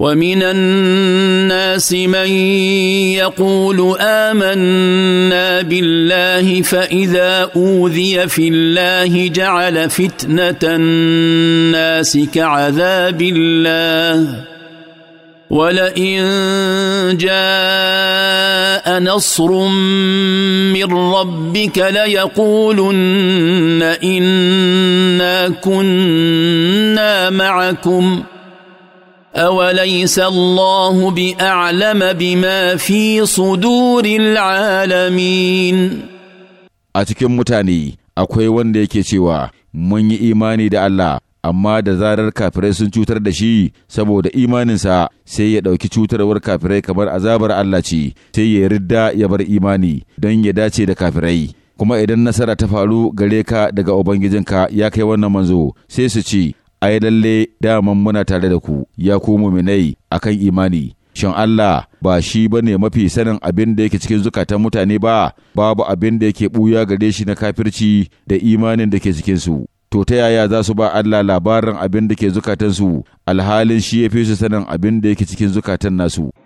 ومن الناس من يقول امنا بالله فاذا اوذي في الله جعل فتنه الناس كعذاب الله ولئن جاء نصر من ربك ليقولن انا كنا معكم أوليس الله بأعلم بما في صدور العالمين a cikin mutane akwai wanda yake cewa mun yi imani da Allah amma da zarar kafirai sun cutar da shi saboda imaninsa sai ya ɗauki cutarwar kafirai kamar azabar Allah ce sai ya ridda ya bar imani don ya dace da kafirai kuma idan nasara ta faru gare ka daga ubangijinka ya kai wannan manzo sai su ce ai lalle daman muna tare da ku ya ku a kan imani shin Allah ba shi ba ne mafi sanin abin da yake cikin zukatan mutane ba babu abin da yake buya gare shi na kafirci da imanin da ke cikinsu to ta yaya za su ba Allah labarin abin da ke zukatansu alhalin shi ya fi su sanin abin da yake cikin zukatan nasu